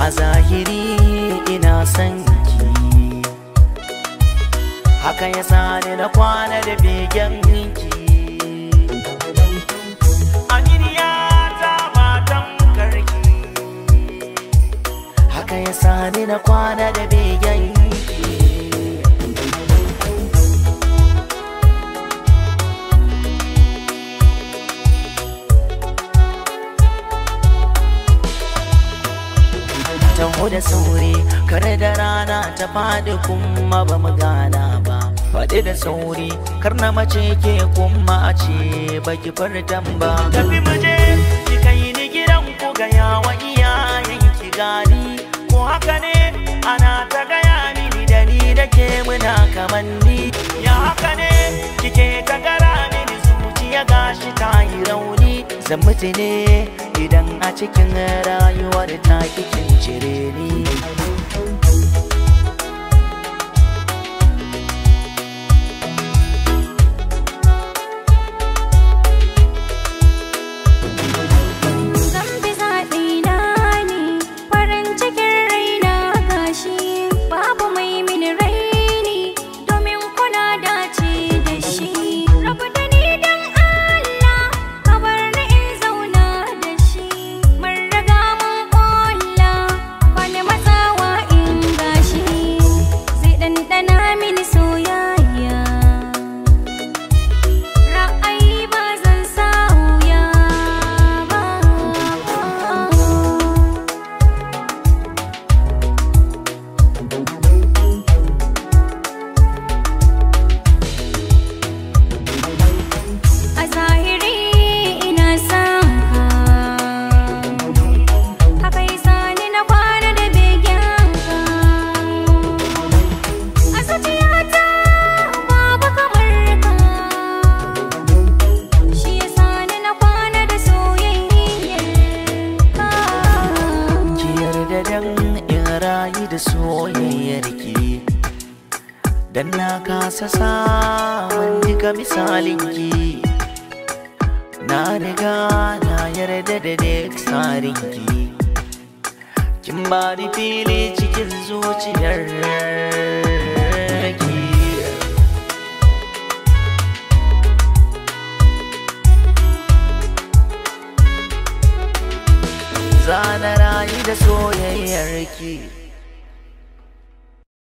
a zahiri ina san ki haka ya sani na kwana da begen ki a ta matan karki haka ya sani na kwana da begen taho da sauri kar da rana ta fadi kuma ba mu gana ba faɗi da sauri kar na mace ke kuma a ce baki fartan ba tafi mu je ki kai ni gidan ku ga yawa iyayen ki gani ko haka ne ana ta gaya mini da ni da ke muna ni ya haka ne kike ta gara mini zuciya gashi ta yi rauni zan mutu ne idan a cikin rayuwar ta kikin cire ni soyayyar ki dan na kasa samun duka misalin ki na riga na yarda da duk tsarin ki kin ba ni fili cikin zuciyar zana rayu da soyayyar ki